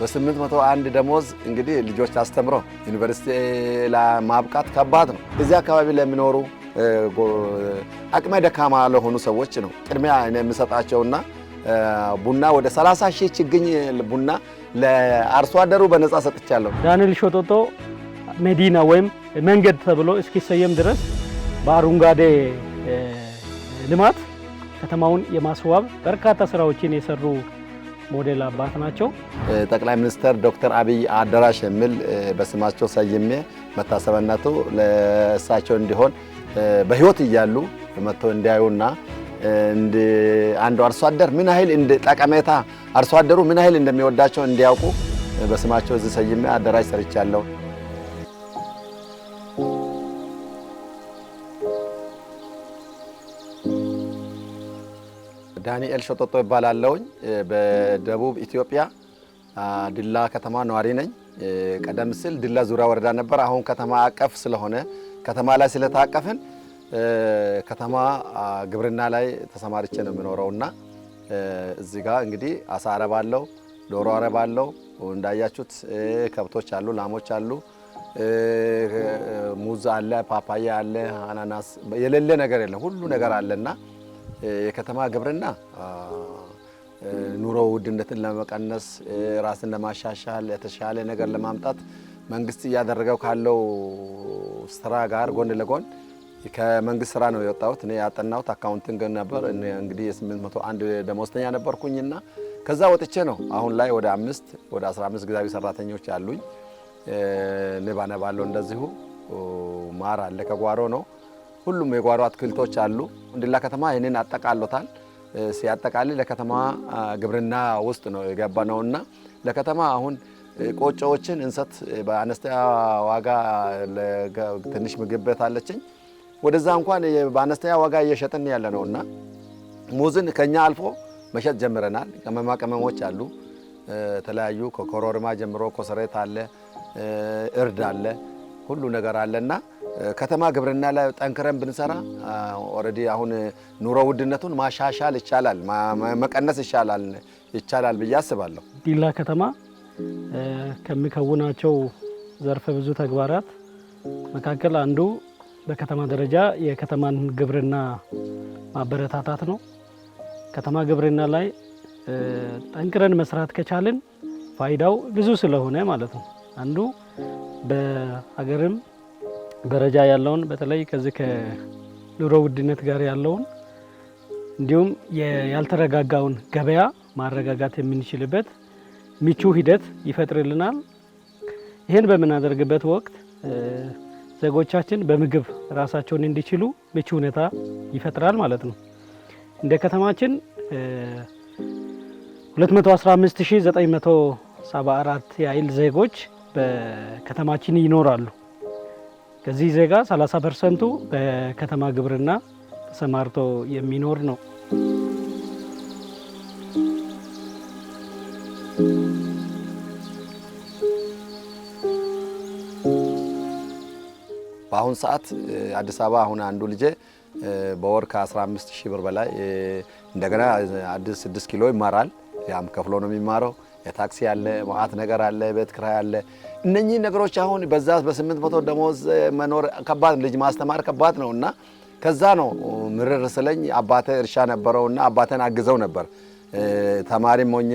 በ801 ደሞዝ እንግዲህ ልጆች አስተምሮ ዩኒቨርሲቲ ለማብቃት ከባድ ነው። እዚህ አካባቢ ለሚኖሩ አቅመ ደካማ ለሆኑ ሰዎች ነው ቅድሚያ የምሰጣቸውና ቡና ወደ 30 ሺህ ችግኝ ቡና ለአርሶ አደሩ በነፃ ሰጥቻለሁ። ዳንኤል ሾጦጦ መዲና ወይም መንገድ ተብሎ እስኪሰየም ድረስ በአረንጓዴ ልማት ከተማውን የማስዋብ በርካታ ስራዎችን የሰሩ ሞዴል አባት ናቸው። ጠቅላይ ሚኒስትር ዶክተር አብይ አዳራሽ የሚል በስማቸው ሰይሜ መታሰቢያነቱ ለእሳቸው እንዲሆን በህይወት እያሉ መጥተው እንዲያዩና አንዱ አርሶ አደር ምን ያህል ጠቀሜታ አርሶ አደሩ ምን ያህል እንደሚወዳቸው እንዲያውቁ በስማቸው እዚህ ሰይሜ አዳራሽ ሰርቻለሁ። ዳንኤል ሸጦጦ ይባላለውኝ። በደቡብ ኢትዮጵያ ድላ ከተማ ነዋሪ ነኝ። ቀደም ሲል ድላ ዙሪያ ወረዳ ነበር። አሁን ከተማ አቀፍ ስለሆነ ከተማ ላይ ስለታቀፍን ከተማ ግብርና ላይ ተሰማርቼ ነው እና እዚህ ጋር እንግዲህ አሳ አረባለው፣ ዶሮ አረባለው። እንዳያችሁት ከብቶች አሉ፣ ላሞች አሉ፣ ሙዝ አለ፣ ፓፓያ አለ፣ አናናስ የሌለ ነገር የለም፣ ሁሉ ነገር አለና የከተማ ግብርና ኑሮ ውድነትን ለመቀነስ ራስን ለማሻሻል የተሻለ ነገር ለማምጣት መንግስት እያደረገው ካለው ስራ ጋር ጎን ለጎን ከመንግስት ስራ ነው የወጣሁት። እኔ ያጠናሁት አካውንቲንግ ነበር። እንግዲህ የ801 ነበርኩኝ ነበርኩኝና ከዛ ወጥቼ ነው አሁን ላይ ወደ አምስት ወደ 15 ጊዜያዊ ሰራተኞች አሉኝ። ንብ አነባለሁ፣ እንደዚሁ ማር አለ ከጓሮ ነው ሁሉም የጓሮ አትክልቶች አሉ። እንድላ ከተማ ይህንን አጠቃሎታል። ሲያጠቃልል ለከተማ ግብርና ውስጥ ነው የገባ እና ለከተማ አሁን ቆጮዎችን እንሰት በአነስተኛ ዋጋ ትንሽ ምግብ ቤት አለችኝ። ወደዛ እንኳን በአነስተኛ ዋጋ እየሸጥን ያለ ነውና ሙዝን ከኛ አልፎ መሸጥ ጀምረናል። ቅመማ ቅመሞች አሉ የተለያዩ ከኮሮርማ ጀምሮ ኮሰሬት አለ፣ እርድ አለ ሁሉ ነገር አለና ከተማ ግብርና ላይ ጠንክረን ብንሰራ ኦልሬዲ አሁን ኑሮ ውድነቱን ማሻሻል ይቻላል፣ መቀነስ ይቻላል ይቻላል ብዬ አስባለሁ። ዲላ ከተማ ከሚከውናቸው ዘርፈ ብዙ ተግባራት መካከል አንዱ በከተማ ደረጃ የከተማን ግብርና ማበረታታት ነው። ከተማ ግብርና ላይ ጠንክረን መስራት ከቻልን ፋይዳው ብዙ ስለሆነ ማለት ነው አንዱ በሀገርም ደረጃ ያለውን በተለይ ከዚህ ከኑሮ ውድነት ጋር ያለውን እንዲሁም ያልተረጋጋውን ገበያ ማረጋጋት የምንችልበት ምቹ ሂደት ይፈጥርልናል። ይህን በምናደርግበት ወቅት ዜጎቻችን በምግብ ራሳቸውን እንዲችሉ ምቹ ሁኔታ ይፈጥራል ማለት ነው። እንደ ከተማችን 215974 ያህል ዜጎች በከተማችን ይኖራሉ። ከዚህ ዜጋ 30 ፐርሰንቱ በከተማ ግብርና ተሰማርቶ የሚኖር ነው። በአሁን ሰዓት አዲስ አበባ አሁን አንዱ ልጄ በወር ከ15 ሺህ ብር በላይ እንደገና አዲስ 6 ኪሎ ይማራል። ያም ከፍሎ ነው የሚማረው ታክሲ አለ፣ መዓት ነገር አለ፣ ቤት ክራይ አለ። እነኚህ ነገሮች አሁን በዛ በስምንት መቶ ደሞዝ መኖር ከባድ ልጅ ማስተማር ከባድ ነው እና ከዛ ነው ምርር ስለኝ አባተ እርሻ ነበረው እና አባተን አግዘው ነበር። ተማሪም ሆኜ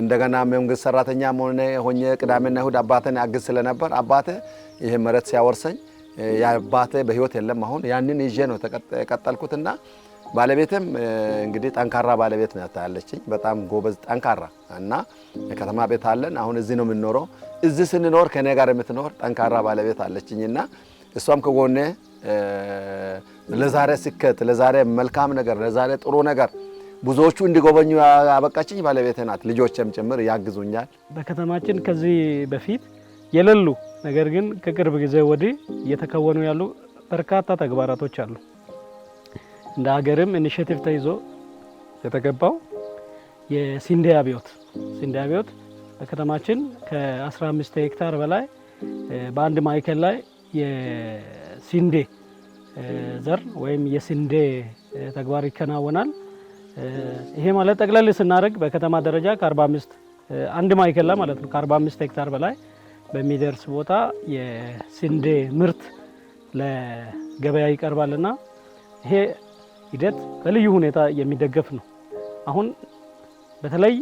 እንደገና መንግስት ሰራተኛ ሆነ ሆኜ ቅዳሜና እሁድ አባተን አግዝ ስለነበር አባተ ይሄ መሬት ሲያወርሰኝ የአባተ በህይወት የለም አሁን ያንን ይዤ ነው የቀጠልኩትና ባለቤትም እንግዲህ ጠንካራ ባለቤት ነው ያታያለችኝ። በጣም ጎበዝ ጠንካራ እና የከተማ ቤት አለን። አሁን እዚህ ነው የምንኖረው። እዚህ ስንኖር ከእኔ ጋር የምትኖር ጠንካራ ባለቤት አለችኝ እና እሷም ከጎኔ ለዛሬ ስኬት፣ ለዛሬ መልካም ነገር፣ ለዛሬ ጥሩ ነገር ብዙዎቹ እንዲጎበኙ ያበቃችኝ ባለቤት ናት። ልጆችም ጭምር ያግዙኛል። በከተማችን ከዚህ በፊት የሌሉ ነገር ግን ከቅርብ ጊዜ ወዲህ እየተከወኑ ያሉ በርካታ ተግባራቶች አሉ። እንደ ሀገርም ኢኒሽቲቭ ተይዞ የተገባው የሲንዴ አብዮት ስንዴ አብዮት በከተማችን ከ15 ሄክታር በላይ በአንድ ማዕከል ላይ የሲንዴ ዘር ወይም የስንዴ ተግባር ይከናወናል። ይሄ ማለት ጠቅለል ስናደርግ በከተማ ደረጃ ከ45 አንድ ማዕከል ላይ ማለት ነው ከ45 ሄክታር በላይ በሚደርስ ቦታ የስንዴ ምርት ለገበያ ይቀርባልና ይሄ ሂደት በልዩ ሁኔታ የሚደገፍ ነው። አሁን በተለይ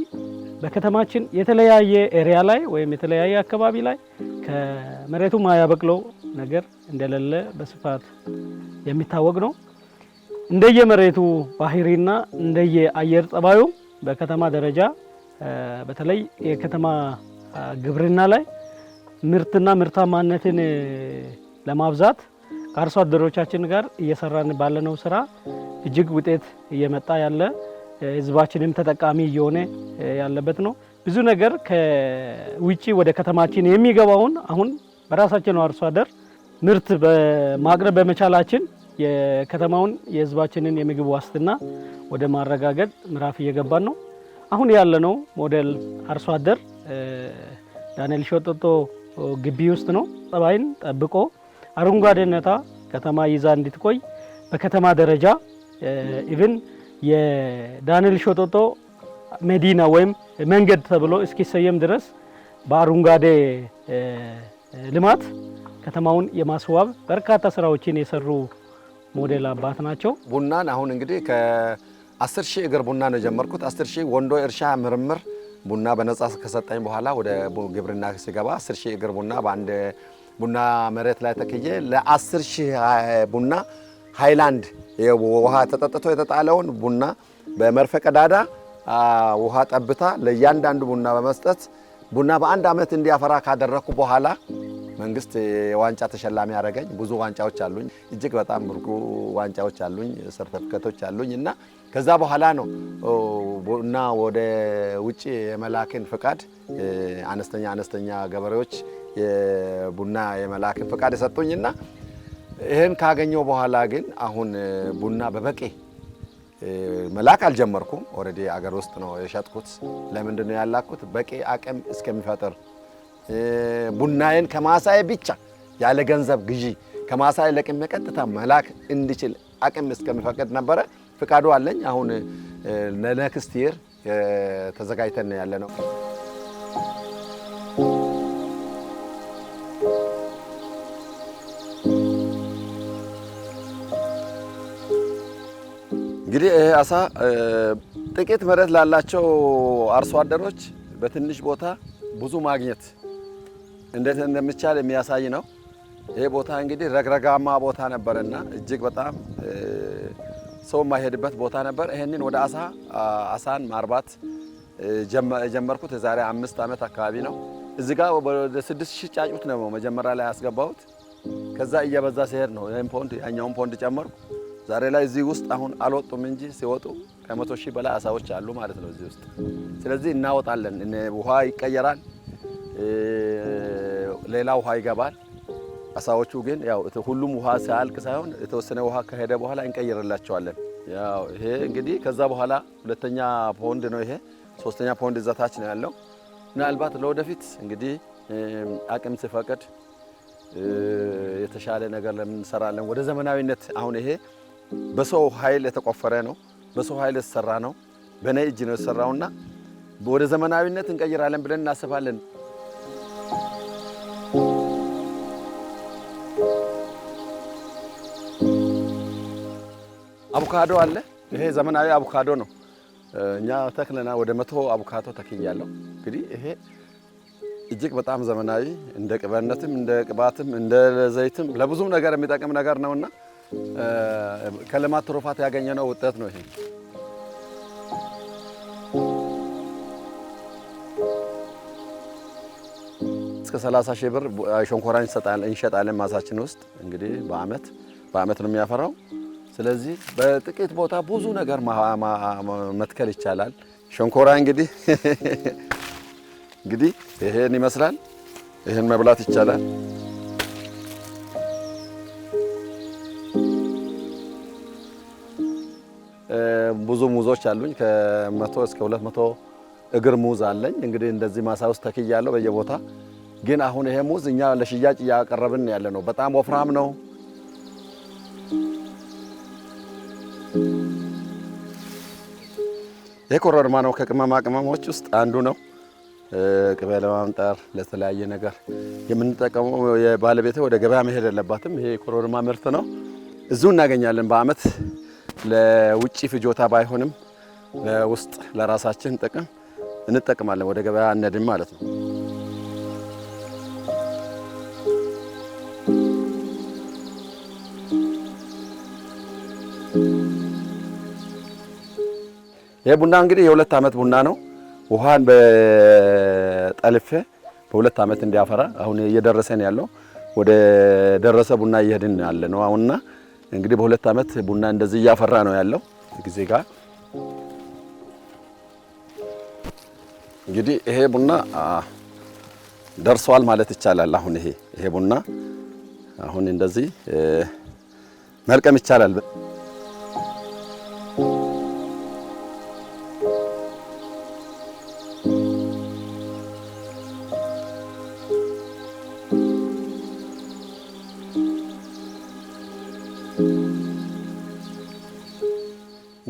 በከተማችን የተለያየ ኤሪያ ላይ ወይም የተለያየ አካባቢ ላይ ከመሬቱ ማያበቅለው ነገር እንደሌለ በስፋት የሚታወቅ ነው። እንደየመሬቱ ባህሪና እንደየ አየር ጸባዩ በከተማ ደረጃ በተለይ የከተማ ግብርና ላይ ምርትና ምርታማነትን ለማብዛት ከአርሶ አደሮቻችን ጋር እየሰራን ባለነው ስራ እጅግ ውጤት እየመጣ ያለ ህዝባችንም ተጠቃሚ እየሆነ ያለበት ነው። ብዙ ነገር ከውጭ ወደ ከተማችን የሚገባውን አሁን በራሳችን አርሶ አደር ምርት በማቅረብ በመቻላችን የከተማውን የህዝባችንን የምግብ ዋስትና ወደ ማረጋገጥ ምዕራፍ እየገባን ነው። አሁን ያለነው ሞዴል አርሶ አደር ዳንኤል ሾጦጦ ግቢ ውስጥ ነው። ጠባይን ጠብቆ አረንጓዴነታ ከተማ ይዛ እንድትቆይ በከተማ ደረጃ ኢቭን የዳንኤል ሾጦጦ መዲና ወይም መንገድ ተብሎ እስኪሰየም ድረስ በአረንጓዴ ልማት ከተማውን የማስዋብ በርካታ ስራዎችን የሰሩ ሞዴል አባት ናቸው። ቡናን አሁን እንግዲህ ከአስር ሺህ እግር ቡና ነው የጀመርኩት። 10 ሺህ ወንዶ እርሻ ምርምር ቡና በነጻ ከሰጠኝ በኋላ ወደ ግብርና ሲገባ 10 ሺህ እግር ቡና በአንድ ቡና መሬት ላይ ተክዬ ለአስር ሺህ ቡና ሃይላንድ ውሃ ተጠጥቶ የተጣለውን ቡና በመርፌ ቀዳዳ ውሃ ጠብታ ለእያንዳንዱ ቡና በመስጠት ቡና በአንድ ዓመት እንዲያፈራ ካደረግኩ በኋላ መንግስት የዋንጫ ተሸላሚ ያደረገኝ። ብዙ ዋንጫዎች አሉኝ፣ እጅግ በጣም ብርቁ ዋንጫዎች አሉኝ፣ ሰርተፍኬቶች አሉኝ እና ከዛ በኋላ ነው ቡና ወደ ውጭ የመላክን ፍቃድ አነስተኛ አነስተኛ ገበሬዎች የቡና የመላክን ፍቃድ እና ይህን ካገኘው በኋላ ግን አሁን ቡና በበቂ መላክ አልጀመርኩም። ኦልሬዲ አገር ውስጥ ነው የሸጥኩት። ለምንድን ነው ያላኩት? በቂ አቅም እስከሚፈጥር ቡናዬን ከማሳዬ ብቻ ያለ ገንዘብ ግዢ ከማሳዬ ለቅሜ ቀጥታ መላክ እንድችል አቅም እስከሚፈቅድ ነበረ። ፍቃዱ አለኝ። አሁን ለነክስት ይር ተዘጋጅተን ያለ ነው። እንግዲህ ይሄ አሳ ጥቂት መሬት ላላቸው አርሶ አደሮች በትንሽ ቦታ ብዙ ማግኘት እንዴት እንደሚቻል የሚያሳይ ነው። ይህ ቦታ እንግዲህ ረግረጋማ ቦታ ነበርና እጅግ በጣም ሰው የማይሄድበት ቦታ ነበር። ይሄንን ወደ አሳ አሳን ማርባት የጀመርኩት የዛሬ አምስት ዓመት አካባቢ ነው። እዚ ጋ ወደ ስድስት ሺህ ጫጩት ነው መጀመሪያ ላይ ያስገባሁት። ከዛ እየበዛ ሲሄድ ነው ይህም ፖንድ ያኛውን ፖንድ ጨመርኩ። ዛሬ ላይ እዚህ ውስጥ አሁን አልወጡም እንጂ ሲወጡ ከመቶ ሺህ በላይ አሳዎች አሉ ማለት ነው እዚህ ውስጥ። ስለዚህ እናወጣለን። ውሃ ይቀየራል፣ ሌላ ውሃ ይገባል። አሳዎቹ ግን ያው ሁሉም ውሃ ሲያልቅ ሳይሆን የተወሰነ ውሃ ከሄደ በኋላ እንቀይርላቸዋለን። ያው ይሄ እንግዲህ ከዛ በኋላ ሁለተኛ ፖንድ ነው ይሄ። ሶስተኛ ፖንድ እዛ ታች ነው ያለው። ምናልባት ለወደፊት እንግዲህ አቅም ሲፈቅድ የተሻለ ነገር ለምንሰራለን ወደ ዘመናዊነት አሁን ይሄ በሰው ኃይል የተቆፈረ ነው። በሰው ኃይል የተሰራ ነው። በእኔ እጅ ነው የተሰራውና ወደ ዘመናዊነት እንቀይራለን ብለን እናስባለን። አቮካዶ አለ። ይሄ ዘመናዊ አቮካዶ ነው። እኛ ተክለና ወደ መቶ አቮካዶ ተክያለሁ። እንግዲህ ይሄ እጅግ በጣም ዘመናዊ እንደ ቅበነትም እንደ ቅባትም እንደ ዘይትም ለብዙም ነገር የሚጠቅም ነገር ነውና ከልማት ትሩፋት ያገኘነው ውጤት ነው ይሄ። እስከ 30 ሺህ ብር ሸንኮራ እንሸጣለን። ማሳችን ውስጥ እንግዲህ በአመት በአመት ነው የሚያፈራው። ስለዚህ በጥቂት ቦታ ብዙ ነገር መትከል ይቻላል። ሸንኮራ እንግዲህ እንግዲህ ይሄን ይመስላል። ይህን መብላት ይቻላል። ብዙ ሙዞች አሉኝ። ከመቶ እስከ ሁለት መቶ እግር ሙዝ አለኝ። እንግዲህ እንደዚህ ማሳ ውስጥ ተክያለሁ በየቦታ ግን አሁን ይሄ ሙዝ እኛ ለሽያጭ እያቀረብን ያለ ነው። በጣም ወፍራም ነው። የኮረርማ ነው። ከቅመማ ቅመሞች ውስጥ አንዱ ነው። ቅቤ ለማምጠር ለተለያየ ነገር የምንጠቀመው። የባለቤት ወደ ገበያ መሄድ የለባትም። ይሄ ኮረሪማ ምርት ነው። እዚሁ እናገኛለን በአመት ለውጭ ፍጆታ ባይሆንም ለውስጥ ለራሳችን ጥቅም እንጠቅማለን። ወደ ገበያ አነድም ማለት ነው። ይሄ ቡና እንግዲህ የሁለት ዓመት ቡና ነው። ውሃን በጠልፌ በሁለት ዓመት እንዲያፈራ አሁን እየደረሰን ያለው ወደ ደረሰ ቡና እየሄድን ያለ ነው አሁንና እንግዲህ በሁለት ዓመት ቡና እንደዚህ እያፈራ ነው ያለው ጊዜ ጋር እንግዲህ ይሄ ቡና ደርሷል ማለት ይቻላል። አሁን ይሄ ይሄ ቡና አሁን እንደዚህ መልቀም ይቻላል።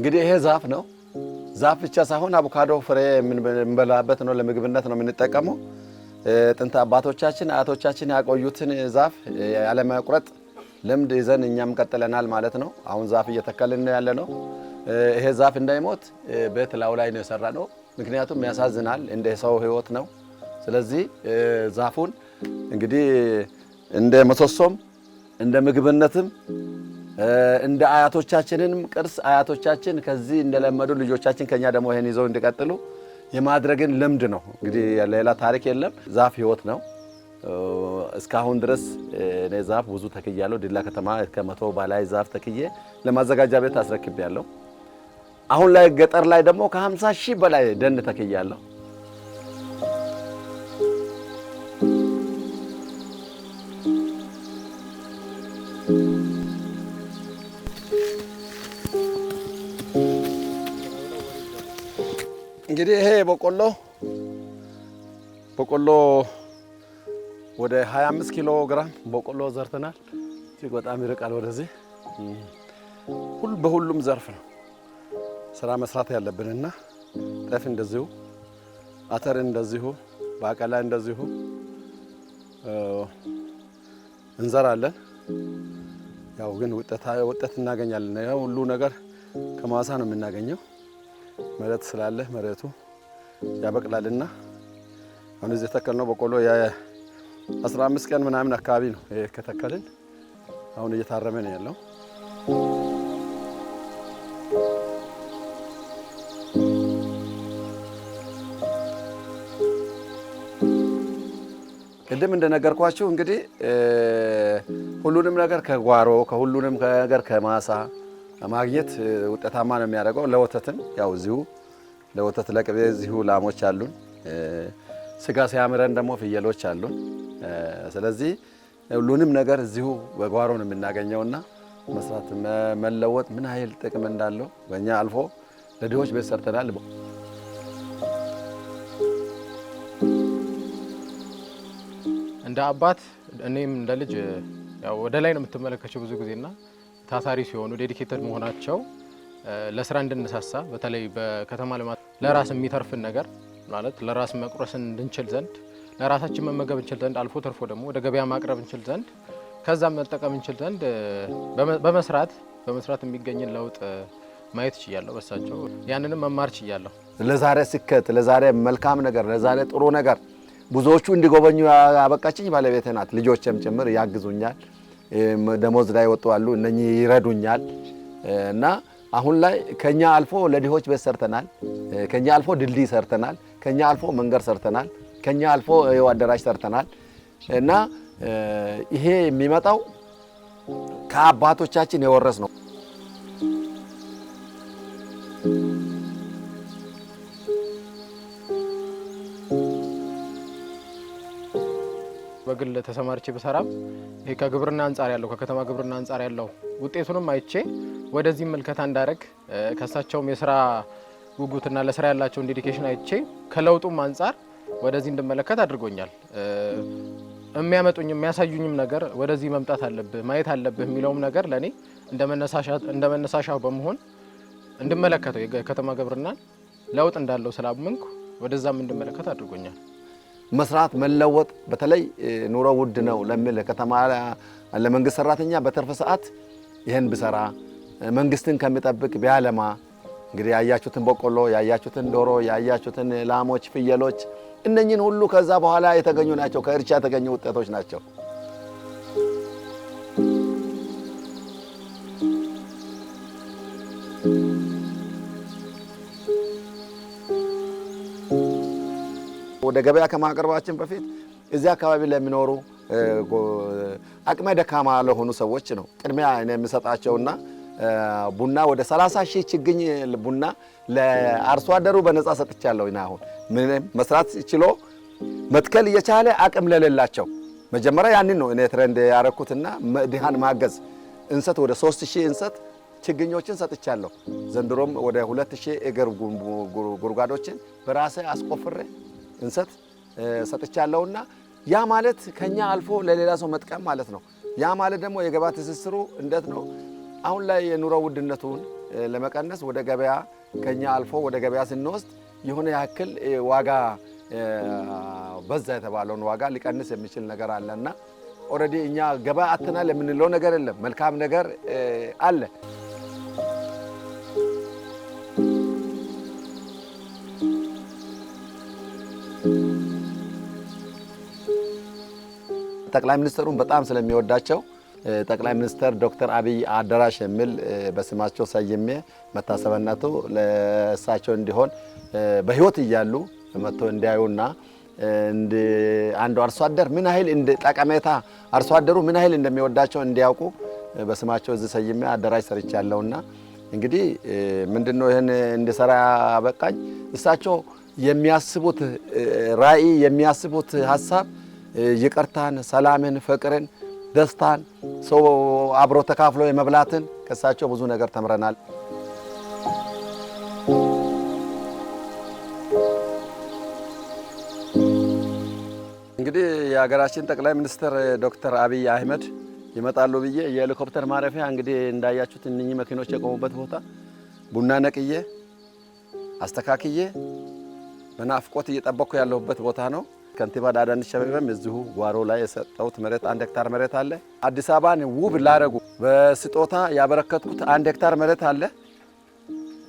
እንግዲህ ይሄ ዛፍ ነው። ዛፍ ብቻ ሳይሆን አቮካዶ ፍሬ የምንበላበት ነው። ለምግብነት ነው የምንጠቀመው። ጥንት አባቶቻችን አያቶቻችን ያቆዩትን ዛፍ ያለመቁረጥ ልምድ ይዘን እኛም ቀጥለናል ማለት ነው። አሁን ዛፍ እየተከልን ያለ ነው። ይሄ ዛፍ እንዳይሞት ቤት ላዩ ላይ ነው የሰራ ነው። ምክንያቱም ያሳዝናል፣ እንደ ሰው ህይወት ነው። ስለዚህ ዛፉን እንግዲህ እንደ ምሰሶም እንደ ምግብነትም እንደ አያቶቻችንንም ቅርስ አያቶቻችን ከዚህ እንደለመዱ ልጆቻችን ከኛ ደግሞ ይህን ይዘው እንዲቀጥሉ የማድረግን ልምድ ነው። እንግዲህ ሌላ ታሪክ የለም። ዛፍ ህይወት ነው። እስካሁን ድረስ እኔ ዛፍ ብዙ ተክያለሁ። ዲላ ከተማ ከመቶ በላይ ዛፍ ተክዬ ለማዘጋጃ ቤት አስረክቤያለሁ። አሁን ላይ ገጠር ላይ ደግሞ ከ50 ሺህ በላይ ደን ተክያለሁ። በቆሎ በቆሎ ወደ 25 ኪሎ ግራም በቆሎ ዘርተናል። እጅግ በጣም ይርቃል ወደዚህ። ሁሉ በሁሉም ዘርፍ ነው ስራ መስራት ያለብንና ጤፍ እንደዚሁ፣ አተር እንደዚሁ፣ ባቀላ እንደዚሁ እንዘራለን። ያው ግን ውጤት እናገኛለን። ሁሉ ነገር ከማሳ ነው የምናገኘው መሬት ስላለ መሬቱ ያበቅላልና አሁን እዚህ የተከልነው በቆሎ የ15 ቀን ምናምን አካባቢ ነው ከተከልን። አሁን እየታረመ ነው ያለው። ቅድም እንደነገርኳችሁ እንግዲህ ሁሉንም ነገር ከጓሮ ከሁሉንም ነገር ከማሳ ማግኘት ውጤታማ ነው የሚያደርገው። ለወተትም ያው እዚሁ ለወተት ለቅቤ እዚሁ ላሞች አሉን። ስጋ ሲያምረን ደግሞ ፍየሎች አሉን። ስለዚህ ሁሉንም ነገር እዚሁ በጓሮ ነው የምናገኘውና መስራት መለወጥ ምን ያህል ጥቅም እንዳለው በእኛ አልፎ ለድሆች ቤት ሰርተናል። እንደ አባት እኔም እንደ ልጅ ወደ ላይ ነው የምትመለከቸው ብዙ ጊዜና ታታሪ ሲሆኑ ዴዲኬተድ መሆናቸው ለስራ እንድነሳሳ በተለይ በከተማ ልማት ለራስ የሚተርፍን ነገር ማለት ለራስ መቁረስን እንድንችል ዘንድ ለራሳችን መመገብ እንችል ዘንድ አልፎ ተርፎ ደግሞ ወደ ገበያ ማቅረብ እንችል ዘንድ ከዛም መጠቀም እንችል ዘንድ በመስራት በመስራት የሚገኝን ለውጥ ማየት ችያለሁ። በሳቸው ያንንም መማር ችያለሁ። ለዛሬ ስኬት፣ ለዛሬ መልካም ነገር፣ ለዛሬ ጥሩ ነገር ብዙዎቹ እንዲጎበኙ ያበቃችኝ ባለቤቴ ናት። ልጆችም ጭምር ያግዙኛል። ደሞዝ ላይ ወጡ አሉ እነኚህ ይረዱኛል እና አሁን ላይ ከኛ አልፎ ለድሆች ቤት ሰርተናል። ከኛ አልፎ ድልድይ ሰርተናል። ከኛ አልፎ መንገድ ሰርተናል። ከኛ አልፎ ይኸው አዳራሽ ሰርተናል። እና ይሄ የሚመጣው ከአባቶቻችን የወረስ ነው። በግል ተሰማርቼ ብሰራም ይሄ ከግብርና አንጻር ያለው ከከተማ ግብርና አንጻር ያለው ውጤቱንም አይቼ ወደዚህ ምልከታ እንዳደረግ ከእሳቸውም የስራ ጉጉትና ለስራ ያላቸውን ዴዲኬሽን አይቼ ከለውጡም አንጻር ወደዚህ እንድመለከት አድርጎኛል። የሚያመጡኝ የሚያሳዩኝም ነገር ወደዚህ መምጣት አለብህ ማየት አለብህ የሚለውም ነገር ለእኔ እንደ መነሳሻ በመሆን እንድመለከተው የከተማ ግብርናን ለውጥ እንዳለው ስላመንኩ ወደዛም እንድመለከት አድርጎኛል። መስራት መለወጥ፣ በተለይ ኑሮ ውድ ነው ለሚል ከተማ ለመንግስት ሰራተኛ በትርፍ ሰዓት ይህን ብሰራ መንግስትን ከሚጠብቅ ቢያለማ እንግዲህ ያያችሁትን በቆሎ፣ ያያችሁትን ዶሮ፣ ያያችሁትን ላሞች፣ ፍየሎች እነኝን ሁሉ ከዛ በኋላ የተገኙ ናቸው። ከእርሻ የተገኙ ውጤቶች ናቸው። ወደ ገበያ ከማቅረባችን በፊት እዚህ አካባቢ ለሚኖሩ አቅመ ደካማ ለሆኑ ሰዎች ነው ቅድሚያ የምሰጣቸውና ቡና ወደ 30 ሺህ ችግኝ ቡና ለአርሶ አደሩ በነፃ ሰጥቻለሁ። ና አሁን ምንም መስራት ችሎ መትከል እየቻለ አቅም ለሌላቸው መጀመሪያ ያንን ነው እኔ ትረንድ ያረኩትና ድሃን ማገዝ እንሰት ወደ 3000 እንሰት ችግኞችን ሰጥቻለሁ። ዘንድሮም ወደ 2000 እግር ጉድጓዶችን በራሴ አስቆፍሬ እንሰት ሰጥቻለሁና ያ ማለት ከኛ አልፎ ለሌላ ሰው መጥቀም ማለት ነው። ያ ማለት ደግሞ የገበያ ትስስሩ እንዴት ነው? አሁን ላይ የኑሮ ውድነቱን ለመቀነስ ወደ ገበያ ከኛ አልፎ ወደ ገበያ ስንወስድ የሆነ ያክል ዋጋ በዛ የተባለውን ዋጋ ሊቀንስ የሚችል ነገር አለና ኦልሬዲ እኛ ገበያ አትናል የምንለው ነገር የለም። መልካም ነገር አለ። ጠቅላይ ሚኒስትሩን በጣም ስለሚወዳቸው ጠቅላይ ሚኒስትር ዶክተር አብይ አዳራሽ የሚል በስማቸው ሰይሜ መታሰብነቱ ለእሳቸው እንዲሆን በህይወት እያሉ መጥቶ እንዲያዩና አንዱ አርሶ አደር ምን ያህል ጠቀሜታ አርሶ አደሩ ምን ያህል እንደሚወዳቸው እንዲያውቁ በስማቸው እዚህ ሰይሜ አዳራሽ ሰርቻለሁና እንግዲህ ምንድነው ይህን እንዲሰራ ያበቃኝ እሳቸው የሚያስቡት ራዕይ የሚያስቡት ሀሳብ ይቅርታን፣ ሰላምን፣ ፍቅርን፣ ደስታን ሰው አብሮ ተካፍሎ የመብላትን ከእሳቸው ብዙ ነገር ተምረናል። እንግዲህ የሀገራችን ጠቅላይ ሚኒስትር ዶክተር አብይ አህመድ ይመጣሉ ብዬ የሄሊኮፕተር ማረፊያ እንግዲህ እንዳያችሁት እነኚህ መኪኖች የቆሙበት ቦታ ቡና ነቅዬ አስተካክዬ በናፍቆት እየጠበቅኩ ያለሁበት ቦታ ነው። ከንቲባ አዳነች አቤቤም እዚሁ ጓሮ ላይ የሰጠሁት መሬት አንድ ሄክታር መሬት አለ። አዲስ አበባን ውብ ላረጉ በስጦታ ያበረከትኩት አንድ ሄክታር መሬት አለ።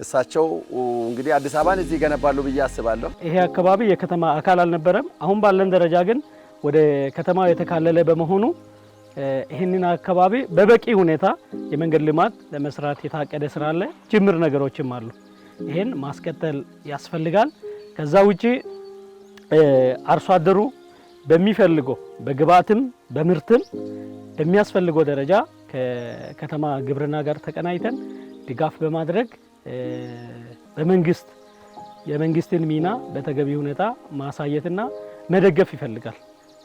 እሳቸው እንግዲህ አዲስ አበባን እዚህ ይገነባሉ ብዬ አስባለሁ። ይሄ አካባቢ የከተማ አካል አልነበረም። አሁን ባለን ደረጃ ግን ወደ ከተማው የተካለለ በመሆኑ ይህንን አካባቢ በበቂ ሁኔታ የመንገድ ልማት ለመስራት የታቀደ ስራ አለ። ጅምር ነገሮችም አሉ። ይህን ማስቀጠል ያስፈልጋል። ከዛ ውጪ አርሶ አደሩ በሚፈልገው በግብአትም በምርትም በሚያስፈልገው ደረጃ ከከተማ ግብርና ጋር ተቀናይተን ድጋፍ በማድረግ በመንግስት የመንግስትን ሚና በተገቢ ሁኔታ ማሳየትና መደገፍ ይፈልጋል።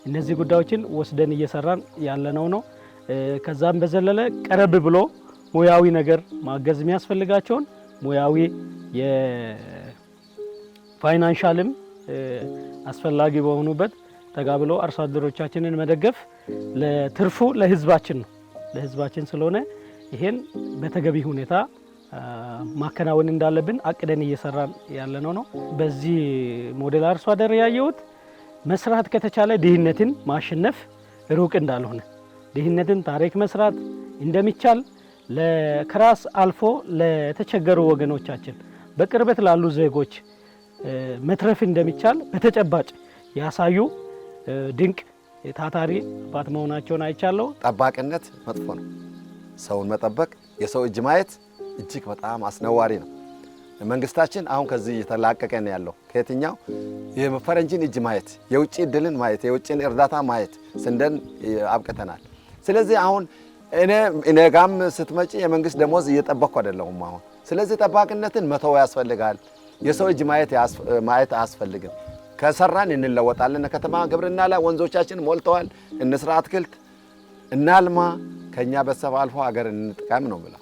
እነዚህ ጉዳዮችን ወስደን እየሰራን ያለነው ነው። ከዛም በዘለለ ቀረብ ብሎ ሙያዊ ነገር ማገዝ የሚያስፈልጋቸውን ሙያዊ የፋይናንሻልም አስፈላጊ በሆኑበት ጠጋ ብሎ አርሶ አደሮቻችንን መደገፍ ለትርፉ ለህዝባችን ነው። ለህዝባችን ስለሆነ ይሄን በተገቢ ሁኔታ ማከናወን እንዳለብን አቅደን እየሰራን ያለነው ነው። በዚህ ሞዴል አርሶ አደር ያየሁት መስራት ከተቻለ ድህነትን ማሸነፍ ሩቅ እንዳልሆነ ድህነትን ታሪክ መስራት እንደሚቻል ከራስ አልፎ ለተቸገሩ ወገኖቻችን በቅርበት ላሉ ዜጎች መትረፍ እንደሚቻል በተጨባጭ ያሳዩ ድንቅ ታታሪ አባት መሆናቸውን አይቻለሁ። ጠባቂነት መጥፎ ነው። ሰውን መጠበቅ፣ የሰው እጅ ማየት እጅግ በጣም አስነዋሪ ነው። መንግስታችን አሁን ከዚህ እየተላቀቀ ነው ያለው። ከየትኛው የፈረንጅን እጅ ማየት፣ የውጭ ድልን ማየት፣ የውጭን እርዳታ ማየት ስንደን አብቅተናል። ስለዚህ አሁን እኔ ጋም ስትመጪ የመንግስት ደሞዝ እየጠበቅኩ አይደለሁም አሁን። ስለዚህ ጠባቂነትን መተው ያስፈልጋል። የሰው እጅ ማየት አያስፈልግም። ከሰራን እንለወጣለን። ከተማ ግብርና ላይ ወንዞቻችን ሞልተዋል። እንስራ አትክልት እናልማ፣ ከእኛ በሰብ አልፎ ሀገር እንጥቀም ነው ብላ